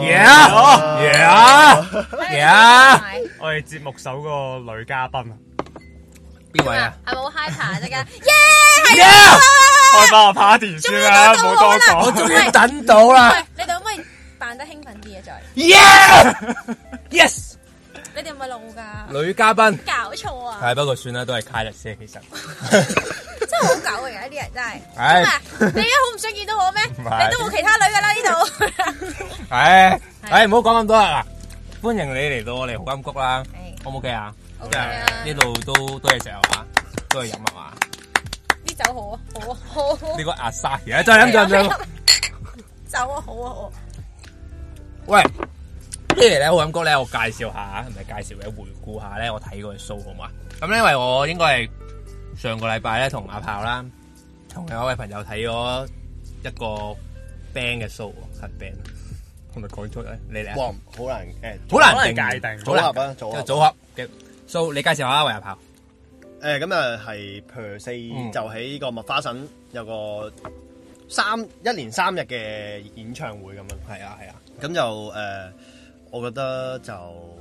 Yeah, yeah, yeah, 我哋節目首個女嘉賓啊，邊位啊？係咪、yeah, Yeah! 啊、好 high 下啫？噶 yeah 我幫我拍下片先啦，冇多講，我終於等到啦。 你哋可唔可以扮得興奮啲啊？再耶 Yeah! yes，你哋係咪老噶？女嘉賓賓，搞錯啊！係不過算啦，都係 high 啲先，其實。 好狗啊！而家啲人真係，你而家好唔想見到我咩？你都冇其他女噶啦呢度。係，誒，唔好講咁多啦。歡迎你嚟到我哋好音谷啦，好唔好？O K 啊？呢度都都係食係嘛，都係飲係嘛。啲酒好啊，好啊，好。你個阿沙而家再飲仲唔得？酒啊，好啊，好。喂，咩嚟咧？好音谷咧，我介紹下，係咪介紹你回顧下咧，我睇過啲數好嘛？咁因為我應該係。上個禮拜咧，同阿炮啦，同另外一位朋友睇咗一個 band 嘅 show，係 band，同埋改足咧？你嚟，好難誒，好、呃、難界定，組合上啊，組合嘅 show，你介紹一下啦，維阿炮。誒咁啊，係 per se，就喺個麥花臣有個三一連三日嘅演唱會咁樣。係啊、嗯，係、嗯、啊。咁就誒，我覺得就。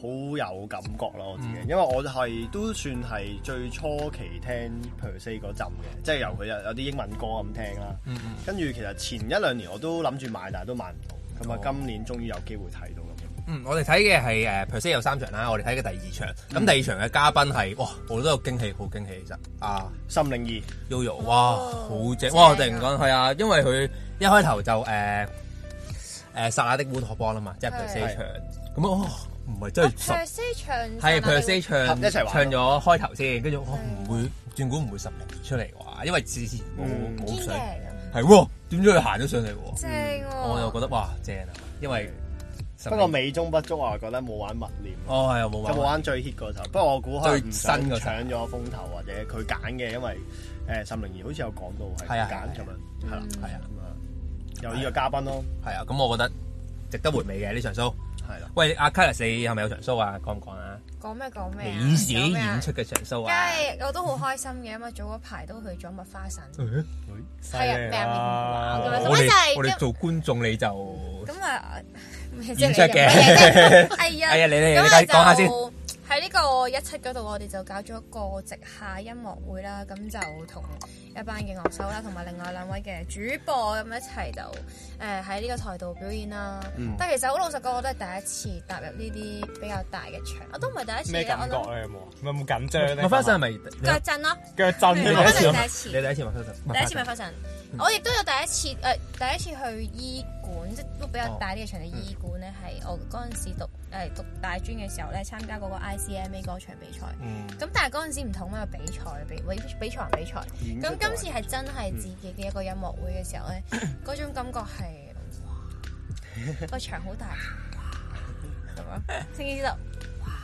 好有感覺咯，我自己，嗯、因為我係都算係最初期聽 per se 嗰陣嘅，即係由佢有有啲英文歌咁聽啦。跟住、嗯嗯、其實前一兩年我都諗住買，但係都買唔到。咁啊，今年終於有機會睇到啦。嗯，我哋睇嘅係誒 per se 有三場啦，我哋睇嘅第二場。咁、嗯、第二場嘅嘉賓係哇，我都有驚喜，好驚喜！其實啊，心靈二 YoYo，哇，好、哦、正、啊！哇，突然間係啊，因為佢一開頭就誒誒、呃呃、薩拉的烏托邦啦嘛，即係 per se 場。咁啊。唔係真係，係 per se 唱，係 per se 唱一齊唱咗開頭先，跟住唔會斷估唔會十零出嚟話，因為之前冇冇上，係喎，點解佢行咗上嚟？正，我就覺得哇，正啊！因為不過美中不足，我又覺得冇玩物念，哦係冇玩，冇玩最 hit 嗰首。不過我估可能新搶咗風頭，或者佢揀嘅，因為誒，十零年好似有講到係揀咁樣，係啦，係啊，咁啊，有呢個嘉賓咯，係啊，咁我覺得值得回味嘅呢場 show。係咯，喂，阿 Kylis 你係咪有場 show 啊？講唔講啊？講咩講咩？演演出嘅場 show 啊！梗係，我都好開心嘅，咁啊早嗰排都去咗麥花臣。係啊，我哋做觀眾你就咁啊，演出嘅。哎呀，哎呀，你你你講下先。喺呢個一七嗰度，我哋就搞咗個直下音樂會啦，咁就同一班嘅樂手啦，同埋另外兩位嘅主播咁一齊就誒喺呢個台度表演啦。嗯、但其實好老實講，我都係第一次踏入呢啲比較大嘅場，我都唔係第一次。咩感覺咧、啊、有冇？有冇緊張咧？發咪腳震咯，腳震。腳嗯、第一次，第一次，第一次。你第一次發、嗯、第一次咪發神。嗯、我亦都有第一次誒、呃，第一次去醫館，即係都比較大啲嘅場嘅醫館咧，係、嗯、我嗰陣時讀。誒讀大專嘅時候咧，參加嗰個 ICMA 歌唱比賽。咁但係嗰陣時唔同啊，比賽，比比賽。比賽。咁今次係真係自己嘅一個音樂會嘅時候咧，嗰種感覺係，哇，個場好大，咁啊，清子知哇，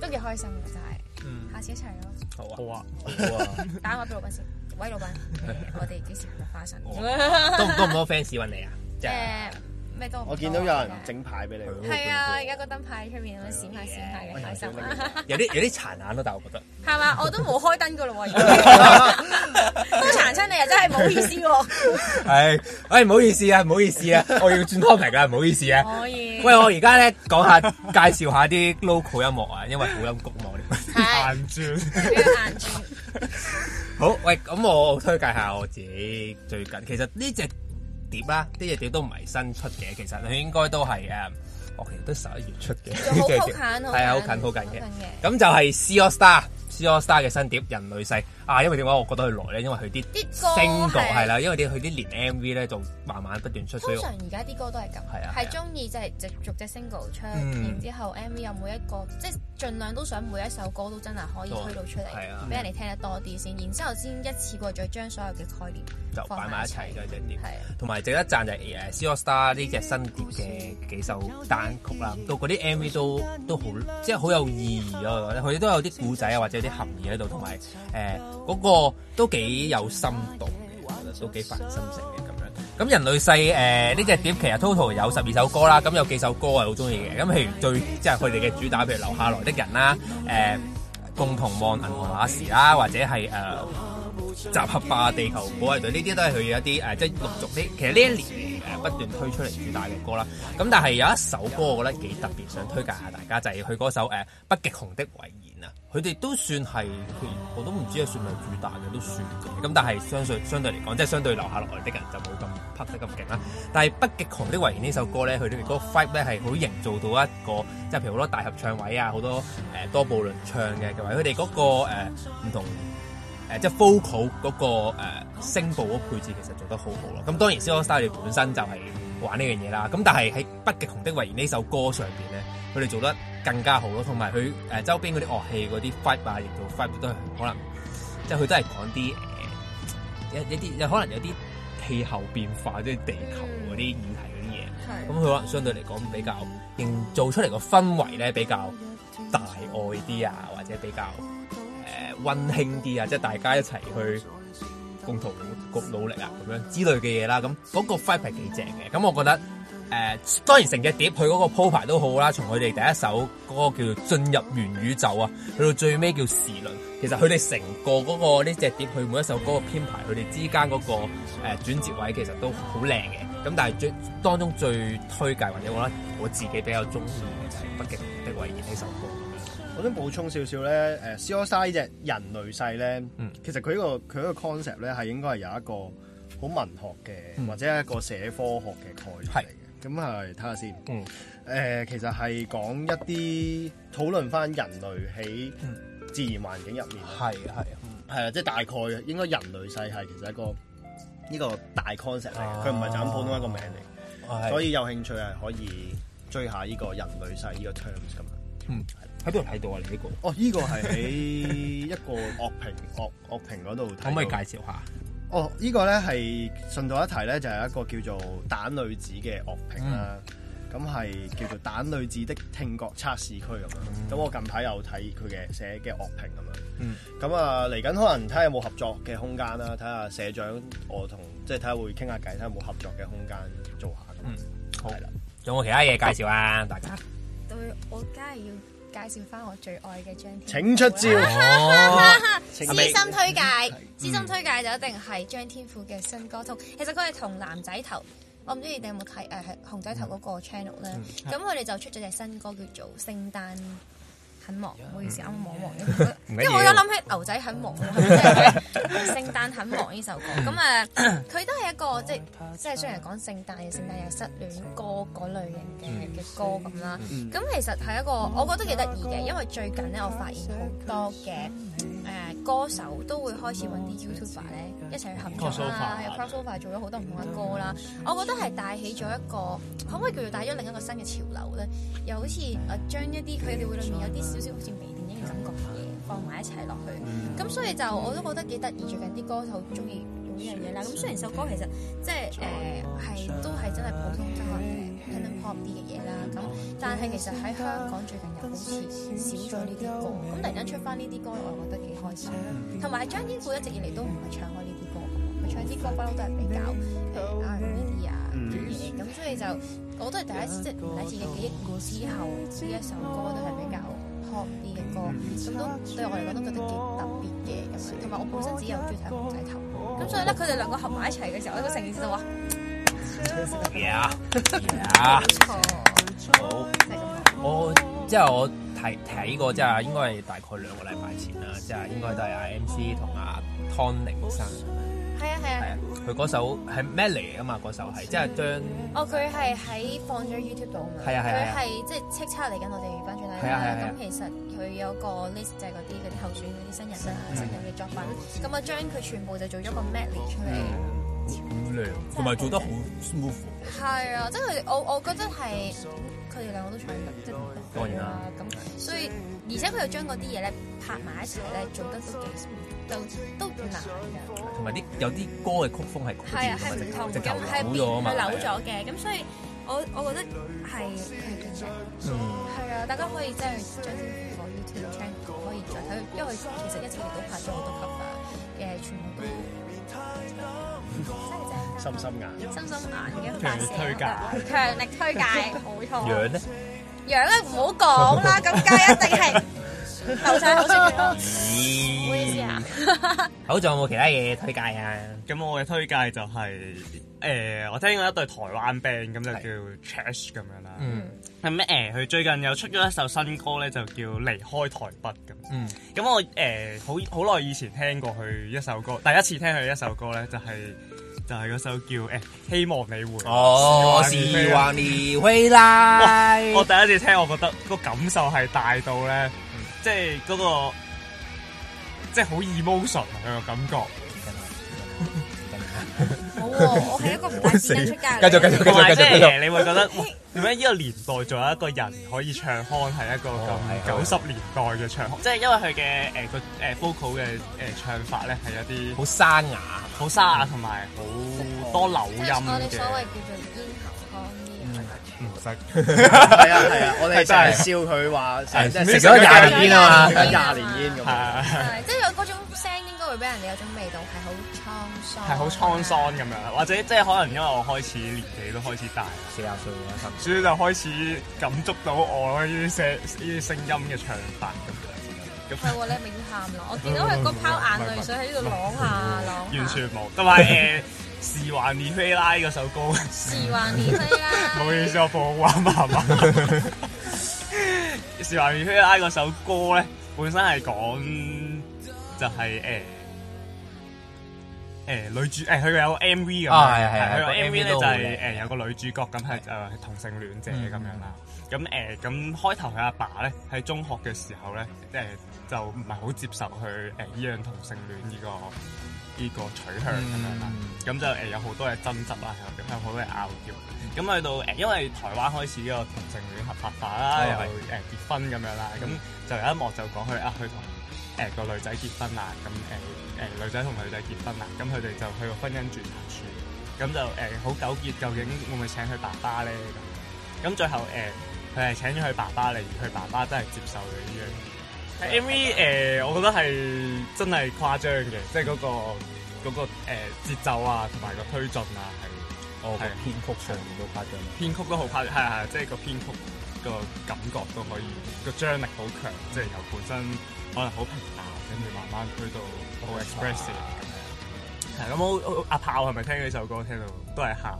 都幾開心嘅就係，下次一齊咯。好啊，好啊，好啊。打電話俾老闆先，喂，老闆，我哋幾時去花神？多唔多唔多 fans 揾你啊？即咩我見到有人整牌俾你，係啊的！而家多個燈牌出面閃閃閃閃閃閃閃、啊，咁閃下閃下嘅台燈，有啲有啲殘眼咯，但我覺得係嘛？ 我都冇開燈嘅咯， 都殘親你啊！真係唔好意思喎。係， 哎，唔好意思啊，唔好意思啊，我要轉 topic 啊，唔好意思啊。可以。喂，我而家咧講下介紹下啲 local 音樂啊，因為好音谷冇。行 轉，行的轉。 好，喂，咁我推介下我自己最近，其實呢隻。碟啦，啲嘢碟都唔係新出嘅，其實佢應該都係誒，我其實都十一月出嘅，呢碟係啊，好 近好近嘅，咁就係 C Allstar，C Allstar 嘅新碟《人類世》。啊，因為點解我覺得佢來咧？因為佢啲啲 single 係啦，因為佢啲連 MV 咧就慢慢不斷出，所以通常而家啲歌都係咁，係啊，係中意即係逐隻 single 出，然之後 MV 有每一個，即係盡量都想每一首歌都真係可以推到出嚟，俾人哋聽得多啲先，然之後先一次過再將所有嘅概念就擺埋一齊嘅隻碟，係同埋值得讚就係誒《Superstar》呢隻新碟嘅幾首單曲啦，都嗰啲 MV 都都好，即係好有意義咯。佢都有啲故仔啊，或者啲含義喺度，同埋誒。嗰個都幾有深度嘅、呃這個，其實都幾發人深省嘅咁樣。咁人類世，誒，呢隻碟其實 total 有十二首歌啦，咁有幾首歌係好中意嘅。咁譬如最即係佢哋嘅主打，譬如留下來的人啦，誒、呃、共同望銀河那時啦，或者係誒。呃集合化地球保衛隊呢啲都係佢一啲誒、呃，即係陸續啲。其實呢一年嚟、呃、不斷推出嚟主打嘅歌啦。咁但係有一首歌我覺得幾特別，想推介下大家，就係佢嗰首誒、呃《北極熊的遺言》啊。佢哋都算係，我都唔知算唔算主打嘅，都算。咁但係相對相對嚟講，即係相對留下落嚟的人就冇咁拍得咁勁啦。但係《北極熊的遺言》呢首歌咧，佢哋嗰個 five 咧係好營造到一個，即係譬如好多大合唱位啊，好多誒、呃、多部輪唱嘅，那個呃、同埋佢哋嗰個唔同。誒即係 Focal 嗰、嗰個誒聲、呃、部配置其實做得好好咯，咁當然 C Allstar 佢哋本身就係玩呢樣嘢啦，咁但係喺《北極熊的遺言》呢首歌上邊咧，佢哋做得更加好咯，同埋佢誒周邊嗰啲樂器嗰啲 fibre 啊，亦都 fibre 都係可能即係佢都係講啲一、呃、一啲有可能有啲氣候變化即係地球嗰啲議題嗰啲嘢，咁佢的可能相對嚟講比較營造出嚟個氛圍咧比較大愛啲啊，或者比較。溫馨啲啊，即係大家一齊去共同共努力啊，咁樣之類嘅嘢啦，咁嗰、那個 fire 係幾正嘅，咁我覺得誒、呃、當然成隻碟佢嗰個鋪排都好啦，從佢哋第一首歌叫做進入元宇宙啊，去到最尾叫時輪，其實佢哋成個嗰、那個呢隻、這個、碟佢每一首歌嘅編排，佢哋之間嗰、那個誒、呃、轉折位其實都好靚嘅，咁但係最當中最推介或者我覺得我自己比較中意嘅就係、是《北極狐的遺言》呢首歌。我想補充少少咧，《消失》呢隻人類世咧，其實佢呢個佢呢個 concept 咧係應該係有一個好文學嘅，或者一個社科學嘅概念嚟嘅。咁係睇下先。誒，其實係講一啲討論翻人類喺自然環境入面。係啊，係啊。即係大概應該人類世係其實一個呢個大 concept 嚟嘅，佢唔係就咁普通一個名嚟。所以有興趣係可以追下呢個人類世呢個 terms 咁。喺邊度睇到啊？你呢個哦，呢、這個係喺一個樂評樂樂評嗰度睇。 可唔可以介紹下？哦，這個、呢個咧係順道一提咧，就係、是、一個叫做蛋女子嘅樂評啦。咁係、嗯、叫做蛋女子的聽覺測試區咁樣。咁、嗯、我近排又睇佢嘅寫嘅樂評咁樣。咁、嗯、啊，嚟緊可能睇下有冇合作嘅空間啦，睇下社長我同即係睇下會傾下偈，睇下有冇合作嘅空間做下。嗯，的好。仲有冇其他嘢介紹啊？大家對我梗係要。介紹翻我最愛嘅張天，請出招哈哈！私、 哦、 心推介，私 心推介就一定係張天賦嘅新歌《通、嗯》，其實佢係同男仔頭，我唔知你哋有冇睇誒熊仔頭嗰個 channel 咧，咁佢哋就出咗隻新歌叫做《聖誕》。很忙，唔好意思，啱啱忙忙，因為我而家諗起牛仔很忙，聖誕、啊、很忙呢首歌，咁啊， 佢都係一個即即雖然係講聖誕，聖誕又失戀歌類型嘅嘅歌咁啦。咁其實係一個我覺得幾得意嘅，因為最近咧，我發現好多嘅誒、呃、歌手都會開始揾啲 YouTuber 咧一齊去合作啦，有 Crossover 做咗好多唔同嘅歌啦。嗯、我覺得係帶起咗一個、嗯、可唔可以叫做帶咗另一個新嘅潮流咧？又好似誒、啊、將一啲佢哋會裏面有啲。好似好似微電影嘅感覺嘅放埋一齊落去，咁所以就我都覺得幾得意。最近啲歌手中意用呢樣嘢啦，咁雖然首歌其實即係誒係都係真係普通真係嘅輕 pop 啲嘅嘢啦，咁但係其實喺香港最近又好似少咗呢啲歌，咁突然間出翻呢啲歌，我覺得幾開心。同埋張天賦一直以嚟都唔係唱開呢啲歌，佢唱啲歌不嬲都係比較譬如啱啲啲啊啲嘢，咁所以就我都係第一次即第一次嘅記憶之後呢一首歌都係比較 top 啲嘅歌，咁都對我嚟講都覺得幾特別嘅咁樣，同埋我本身自己又中意睇紅仔頭，咁所以咧佢哋兩個合埋一齊嘅時候咧，成件事就話，呀啊，得，好，我即係我睇睇過即係應該係大概兩個禮拜前啦，即係應該都係阿 MC 同阿 Tony 生。係啊係啊，佢嗰、啊、首係 medley 啊嘛，嗰首係即係將哦佢係喺放咗 YouTube 度啊嘛，佢係即係叱咤嚟緊，就是、我哋關注下啦。咁其實佢有個 list 就係嗰啲嗰啲候選嗰啲新人啦，新人嘅作品。咁啊，將佢全部就做咗個 medley 出嚟。好靚，同埋做得好 smooth。係啊，即係佢哋，我我覺得係佢哋兩個都唱得，即係當然啦、啊。咁，所以而且佢又將嗰啲嘢咧拍埋一齊咧，做得都幾，就都，都難嘅。同埋啲有啲歌嘅曲，曲風係係係唔同嘅，就直變老咗啊扭咗嘅。咁所以，我我覺得係佢哋嘅，係、嗯、啊，大家可以即係將啲 YouTube 可以再睇，因為其實一直都拍咗好多級啊嘅，全部都。心心眼，心心眼，強烈推介，強力推介，好痛。樣咧，樣咧，唔好講啦，咁梗 一定係。頭像好出名，唔好意思啊！仲有冇其他嘢推介啊？咁我嘅推介就係、是、誒、呃，我聽過一對台灣 band，咁就叫 Trash 咁樣啦。嗯，係咩？誒、呃，佢最近又出咗一首新歌咧，就叫離開台北咁。嗯，咁我誒好好耐以前聽過佢一首歌，第一次聽佢一首歌咧、就是，就係、是、就係、是、嗰首叫誒希望你回哦，希望你回來。哇、哦哦！我第一次聽，我覺得個感受係大到咧。即係、嗰個，即係好 emotion 嘅感覺。哇！ 我係一個唔使錢出街。繼續繼續繼續繼續。即係、就係、你會覺得喂，點解呢個年代仲有一個人可以唱腔係一個咁九十年代嘅唱腔？即係因為佢嘅誒個誒 vocal 嘅誒唱法咧係一啲好沙啞、好沙啞同埋好多扭音嘅。模式。係啊係啊，我哋真係笑佢話，食咗廿年煙啊嘛，食咗廿年煙咁。係即係有嗰種聲，應該會俾人哋有種味道，係好滄桑。係好滄桑咁樣，或者即係可能因為我開始年紀都開始大，四十歲啦，十，所以就開始感觸到我呢啲聲、呢啲聲音嘅唱法咁樣。咁係喎，你咪要喊咯？我見到佢嗰泡眼淚水喺呢度攞下攞。完全冇，同埋誒。是還未飛拉嗰首歌，是還未飛拉。唔好意思，我普通話版。是還未飛拉嗰首歌咧，本身係講就係誒誒女主誒佢、呃、有個 M V 噶，係係佢有 M V 咧就係、是、誒、呃、有個女主角咁係誒同性戀者咁、嗯、樣啦。咁誒咁開頭佢阿爸咧喺中學嘅時候咧，即、呃、係就唔係好接受去誒依樣同性戀呢、這個。呢個取向咁、嗯、樣啦，咁就誒有好多嘅爭執啦，然後有好多嘅拗撬。咁去到誒，因為台灣開始呢個同性戀合法化啦，又誒、呃、結婚咁樣啦，咁就有一幕就講佢啊，佢同誒個女仔結婚啦，咁誒誒女仔同女仔結婚啦，咁佢哋就去個婚姻註冊處，咁就誒好糾結，究竟會唔會請佢爸爸咧？咁咁最後誒，佢係請咗佢爸爸嚟，佢爸爸真係接受咗呢樣。M V 誒，我覺得係真係誇張嘅，即係嗰個嗰個誒節奏啊，同埋個推進啊，係哦，係編曲上面都誇張，編曲都好誇張，係係，即係個編曲個感覺都可以，個張力好強，即係由本身可能好平淡，跟住慢慢推到好 expressive，係咁。阿炮係咪聽呢首歌聽到都係喊？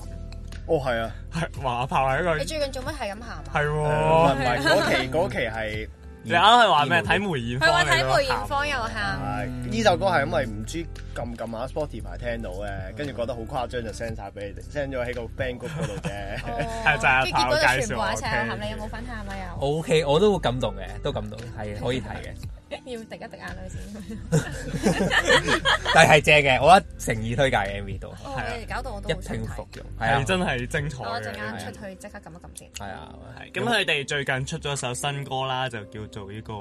哦，係啊，係話阿炮係一個。你最近做乜係咁喊啊？係喎，唔係嗰期嗰期係。你啱啱係話咩？睇梅艷芳，係話睇梅艷芳又喊。係呢、啊、首歌係因為唔知撳撳下 Spotify 聽到嘅，跟住覺得好誇張就 send 晒俾你哋，send 咗喺個 band Group 嗰度嘅，係、啊、就係靠我全部一齊喊，你有冇分享啊？有。O、okay, K，我都會感動嘅，都感動，係可以睇嘅。 要滴一滴眼淚先，但係正嘅，我一誠意推介嘅 M V 都係搞到我都一聽服用，係、啊、真係精彩、啊、我陣間出去即刻撳一撳先。係啊，係、啊。咁佢哋最近出咗首新歌啦，就叫做呢個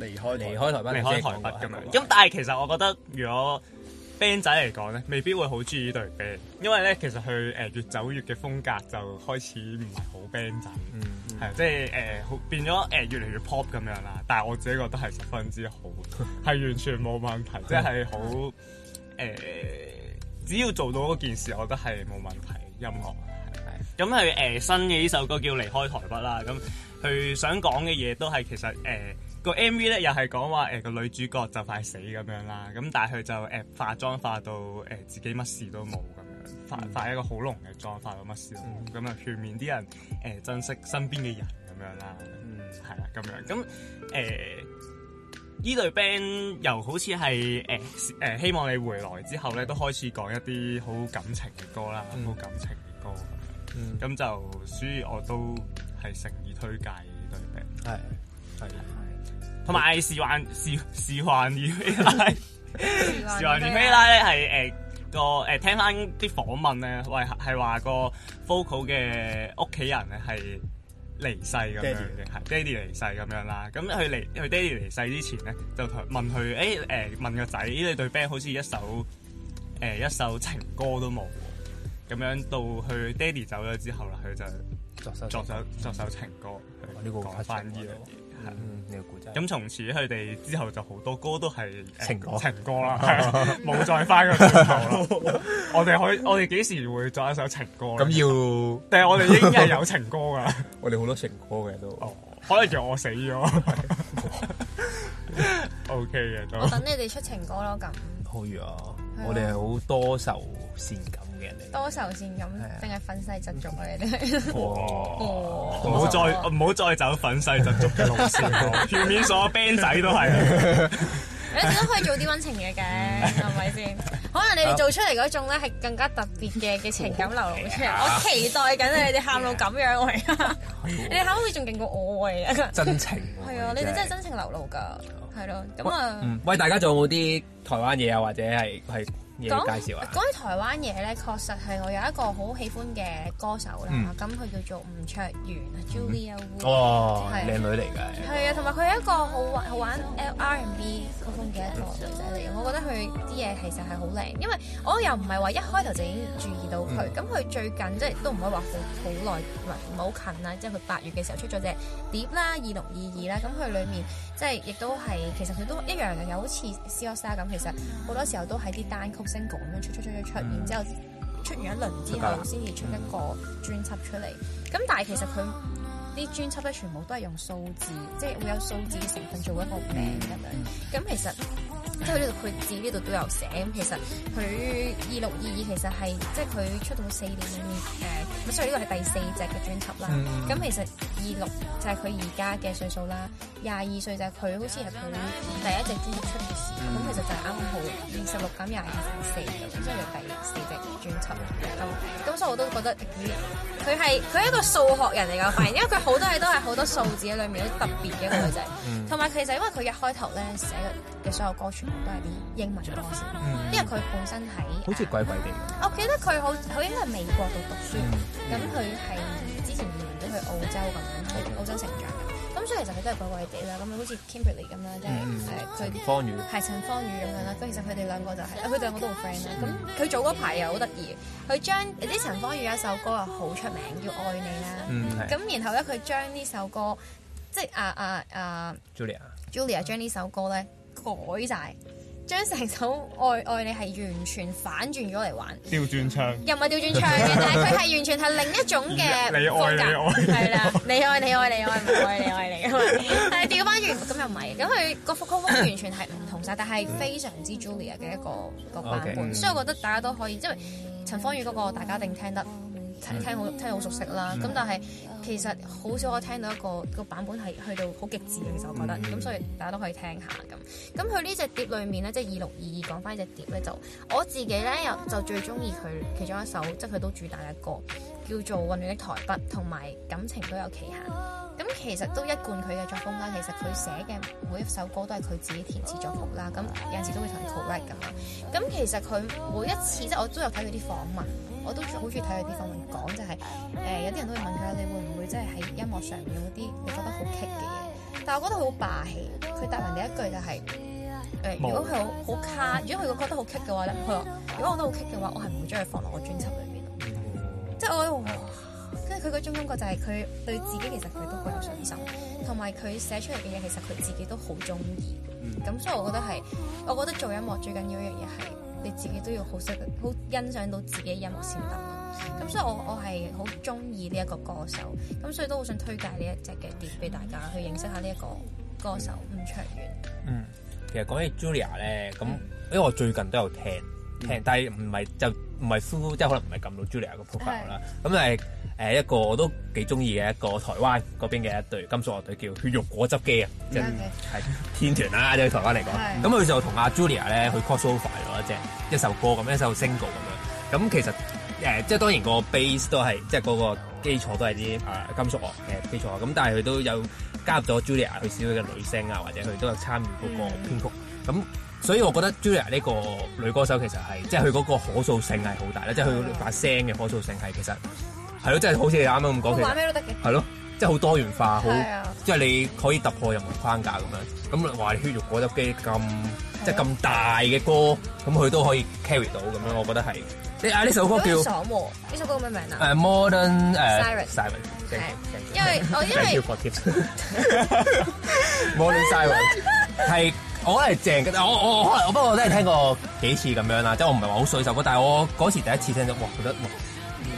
離開離開台灣離開台北咁樣。咁但係其實我覺得如果。band 仔嚟講咧，未必會好中意呢隊 band，因為咧其實佢誒、呃、越走越嘅風格就開始唔係好 band 仔，係啊，即係誒、呃、變咗誒、呃、越嚟越 pop 咁樣啦。但係我自己覺得係十分之好，係 完全冇問題， 即係好誒，只要做到嗰件事，我覺得係冇問題，音樂。咁係誒新嘅呢首歌叫《離開台北》啦，咁佢想講嘅嘢都係其實誒。呃個 M V 咧又係講話誒個女主角就快死咁樣啦，咁但係佢就誒化妝化到誒自己乜事都冇咁樣，化化一個好濃嘅妝，化到乜事都冇，咁啊勸勉啲人誒珍惜身邊嘅人咁樣啦，嗯，係啦咁樣，咁誒呢隊 band 又好似係誒誒希望你回來之後咧都開始講一啲好感情嘅歌啦，好感情嘅歌，嗯，咁就所以我都係誠意推介呢隊 band，係係。同埋試幻試試幻妮菲拉，試幻妮菲拉咧係誒個誒聽翻啲訪問咧，喂係話個 Vocal 嘅屋企人咧係離世咁樣定係爹哋離世咁樣啦。咁佢離佢爹哋離世之前咧，就問佢誒誒問個仔，咦你對 band 好似一首誒一首情歌都冇咁樣，到佢爹哋走咗之後啦，佢就作首作首作首情歌去講翻呢樣嗯，呢個故仔。咁從、嗯、此佢哋之後就好多歌都係情歌，呃、情歌啦，冇 再翻個轉頭。我哋可以，我哋幾時會作一首情歌咁樣要？但 係我哋應該係有情歌噶。 我哋好多情歌嘅都，oh, 可能叫我死咗。O K 嘅我等你哋出情歌咯，咁好呀、啊。我哋係好多愁善感嘅，人嚟，多愁善感定係粉細窒俗啊！你哋唔好再唔好再走粉細窒俗嘅路線，全面所有 band 仔都係你哋都可以做啲溫情嘢嘅，係咪先？可能你哋做出嚟嗰種咧係更加特別嘅嘅情感流露出嚟。我期待緊你哋喊到咁樣，我而家你喊會仲勁過我啊！真情係啊！你哋真係真情流露㗎。係咯，咁啊，嗯，喂，大家仲有冇啲台灣嘢啊，或者係係。講講起台灣嘢咧，確實係我有一個好喜歡嘅歌手啦。咁佢、嗯、叫做吳卓源、嗯、Julia Wu，Wei, 哦，靚是女嚟㗎。係啊，同埋佢係一個好玩、啊、好玩 L R and B 曲風嘅一個女仔嚟。嗯嗯、我覺得佢啲嘢其實係好靚，因為我又唔係話一開頭就已經注意到佢。咁佢、嗯、最近即係都唔可以話好好耐唔係好近啦。即係佢八月嘅時候出咗隻碟啦，《二六二二》啦。咁佢裡面即係亦都係其實佢都一樣嘅，有好似 C Allstar 咁，其實好多時候都喺啲單曲。咁樣出出出一出，然之後出完一輪之後，先至出一個專輯出嚟。咁但係其實佢啲專輯咧，全部都係用數字，即係會有數字成分做一個名咁樣。咁其實即係呢度佢自己呢度都有寫。咁其實佢二六二二其實係即係佢出到四年裏面誒，咁所以呢個係第四隻嘅專輯啦。咁其實二六就係佢而家嘅歲數啦。廿二歲就係佢好似係佢第一隻專輯出嘅時候。就啱好二十六又減廿四咁，所以佢第四隻專輯咯。咁、嗯、咁所以我都覺得佢佢係佢係一個數學人嚟㗎，發現，因為佢好多嘢都係好多數字喺裏面，都特別嘅一個女仔。同埋、 嗯、其實因為佢一開頭咧寫嘅所有歌全部都係啲英文歌詞，嗯、因為佢本身喺好似鬼鬼哋。我記得佢好佢應該係美國度讀書，咁佢係之前移民咗去澳洲咁樣，澳洲成長。咁所以其實佢都係個個嚟嘅啦，咁樣好似 Kimberly 咁啦，即係誒佢陳芳語，係陳芳語咁樣啦。咁其實佢哋兩個就係、是，佢哋兩個都好 friend 啦。咁佢早嗰排又好得意，佢將啲陳芳語有一首歌又好出名，叫《愛你》啦。咁、嗯、然後咧，佢將呢首歌，即係啊啊啊，Julia，Julia 將呢首歌咧改晒。將成首愛愛你係完全反轉咗嚟玩，調轉唱又唔係調轉唱嘅， 但係佢係完全係另一種嘅風格，係啦，你愛格你愛你愛唔愛 你愛你愛，但係調翻轉咁又唔係，咁佢個曲風完全係唔同晒， 但係非常之 Julia 嘅一個一個版本，Okay. 所以我覺得大家都可以，因為陳芳語嗰、那個大家一定聽得。聽好聽好熟悉啦，咁、mm hmm. 但係其實好少可聽到一個一個版本係去到好極致嘅，其實我覺得，咁、mm hmm. 所以大家都可以聽下咁。咁佢呢隻碟裏面咧，即係二六二二講翻呢隻碟咧，就我自己咧又就最中意佢其中一首，即係佢都主打嘅歌叫做《混亂的台北》，同埋感情都有期限。咁其實都一貫佢嘅作風啦。其實佢寫嘅每一首歌都係佢自己填詞作曲啦。咁有時都會同佢合作㗎嘛。咁其實佢每一次即係我都有睇佢啲訪問。我都好中意睇佢啲訪問講，就係、是、誒、呃、有啲人都會問佢你會唔會即係喺音樂上面嗰啲你覺得好 k 嘅嘢？但係我覺得佢好霸氣。佢答埋第一句就係、是、誒，呃、沒 如果佢好卡，如果佢覺得好 k 嘅話咧，佢話：如果我覺得好 k 嘅話，我係唔會將佢放落我專輯裏邊。即、就、係、是、我跟住佢嗰種感覺就係佢對自己其實佢都好有信心，同埋佢寫出嚟嘅嘢其實佢自己都好中意。咁、嗯、所以我覺得係，我覺得做音樂最緊要一樣嘢係。你自己都要好識好欣賞到自己嘅音樂先得，咁所以我我係好中意呢一個歌手，咁所以都好想推介呢一隻嘅碟俾大家去認識下呢一個歌手吳卓源。嗯，長遠嗯，其實講起 Julia 咧，咁、嗯、因為我最近都有聽、嗯、聽，但係唔係就。唔係 full 即係可能唔係撳到 Julia 個 profile 啦。咁誒誒一個我都幾中意嘅一個台灣嗰邊嘅一隊金屬樂隊叫血肉果汁機啊，即係係天團啦，即係台灣嚟講。咁佢是、嗯、就同阿、啊、Julia 咧去 cover 咗一隻一首歌咁，一首 single 咁樣。咁其實誒、呃，即係當然個 base 都係即係個個基礎都係啲誒金屬樂嘅基礎啊。咁、嗯、但係佢都有加入咗 Julia 佢小小嘅女聲啊，或者佢都有參與嗰個編曲咁。嗯嗯。所以我覺得 Julia 呢個女歌手其實係，即係佢嗰個可塑性係好大咧，即係佢把聲嘅可塑性係其實係咯，即係好似你啱啱咁講，佢話咩都得嘅，係咯，即係好多元化，好，即係你可以突破任何框架咁樣。咁話血肉果汁機咁，即係咁大嘅歌，咁佢都可以 carry 到咁樣，我覺得係。你啊，呢首歌叫？好爽喎！呢首歌叫咩名啊？誒，Modern 誒。Siren。Siren。係，因為我因為。要發帖。Modern Siren 係。我係正嘅，但我我可能，我不過我都係聽過幾次咁樣啦，即、就、係、是、我唔係話好熟依首歌，但係我時第一次聽到，哇覺得哇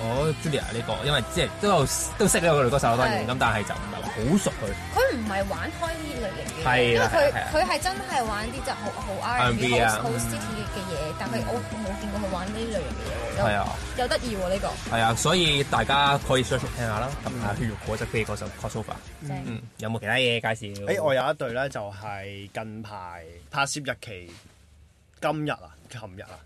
我 Julia 呢、這個，因為即係都有都識呢個女歌手好多嘢，咁對 但係就唔係話。好熟佢，佢唔係玩開呢類型嘅，因為佢佢係真係玩啲就好好 R&B 啊，好 city 嘅嘢，但係我冇見過佢玩呢類型嘅嘢咯。係啊，又得意喎呢個。係啊，所以大家可以 search 聽下啦，同埋《血肉果汁機》嗰首 crossover。嗯，有冇其他嘢介紹？誒，我有一對咧，就係近排拍攝日期今日啊！琴日啊，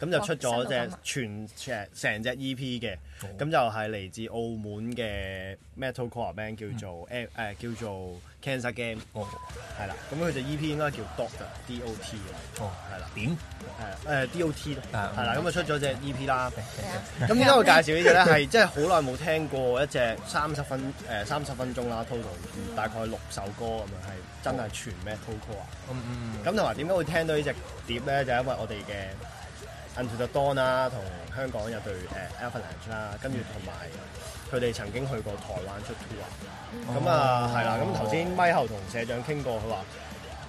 咁就出咗隻全誒成隻 E.P. 嘅，咁就係嚟自澳門嘅 Metalcore band 叫做誒叫做 Cancer Game，係啦，咁佢隻 E.P. 應該叫 Doctor D O T 啦，係啦點？係誒 D O T 咯，係啦，咁就出咗隻 E.P. 啦。咁點解會介紹呢隻咧？係即係好耐冇聽過一隻三十分誒三十分鐘啦，total 大概六首歌咁樣係真係全 Metalcore 啊！嗯嗯，咁同埋點解會聽到呢隻碟咧？就係因為我哋。嘅 Under t h 啦，同香港有對誒 a 啦，跟住同埋佢哋曾經去過台灣出 t 咁啊，係啦，咁頭先麥後同社長傾過，佢話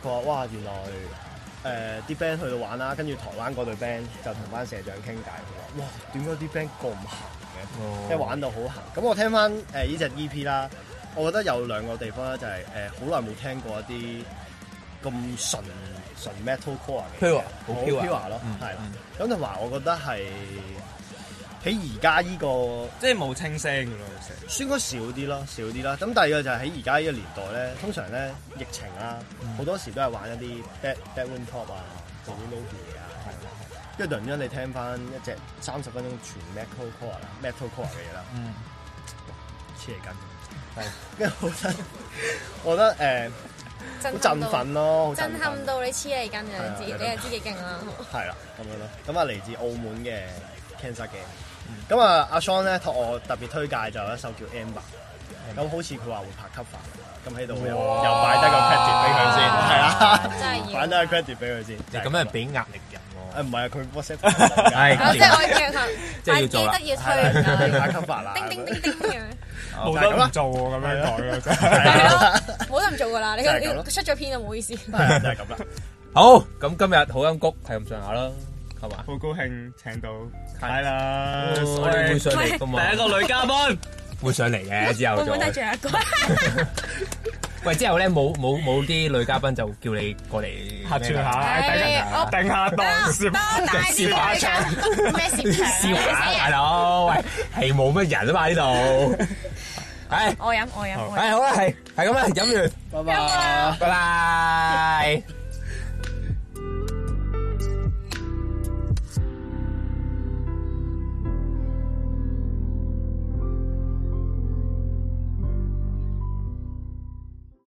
佢話哇原來誒啲 band 去到玩啦，跟住台灣嗰 band 就同班社長傾偈，佢話哇點解啲 band 咁行嘅？即係、哦、玩到好行，咁我聽翻誒呢隻 EP 啦，我覺得有兩個地方咧，就是，就係誒好耐冇聽過一啲咁純。純 metal core 嘅，pure 好 pure 咯，係啦。咁就話我覺得係喺而家依個即係冇清聲嘅咯，應該少啲咯，少啲啦。咁第二個就係喺而家呢個年代咧，通常咧疫情啦，好多時都係玩一啲 bad bad bedroom pop 啊，bad wind lonely 嘅嘢啊。係，跟住突然間你聽翻一隻三十分鐘全 metal core 啦，metal core 嘅嘢啦，嗯，黐嚟緊，係，跟住好真，我覺得誒。好振奮咯！震撼到你黐脷筋啊！你知你又知幾勁啦！係啦，咁樣咯。咁啊，嚟自澳門嘅 Cancer Game。咁啊，阿 Sean 咧託我特別推介就有一首叫《Amber》。咁好似佢話會拍 cover，咁喺度又又擺低個 credit 俾佢先，係啦，真係要擺低個 credit 俾佢先。咁樣俾壓力人喎。唔係啊，佢 WhatsApp 係。即係我叫我即係要做啦，係要推拍 cover 啦。叮叮叮叮咁。冇得咁做喎，咁樣袋啊！真係冇得咁做噶啦，你你出咗片啊，唔好意思。真係咁啦。好，咁今日好音谷睇咁上下啦，係嘛？好高興請到，係啦，我哋會上嚟，第一個女嘉賓會上嚟嘅之後，會唔會帶最後一個？喂，之後咧冇冇冇啲女嘉賓就叫你過嚟客串下，我定下檔，説話，説話，笑下，大佬，喂，係冇乜人啊嘛呢度。我飲我飲，誒好啦，係係咁啦，飲完，拜拜，拜拜。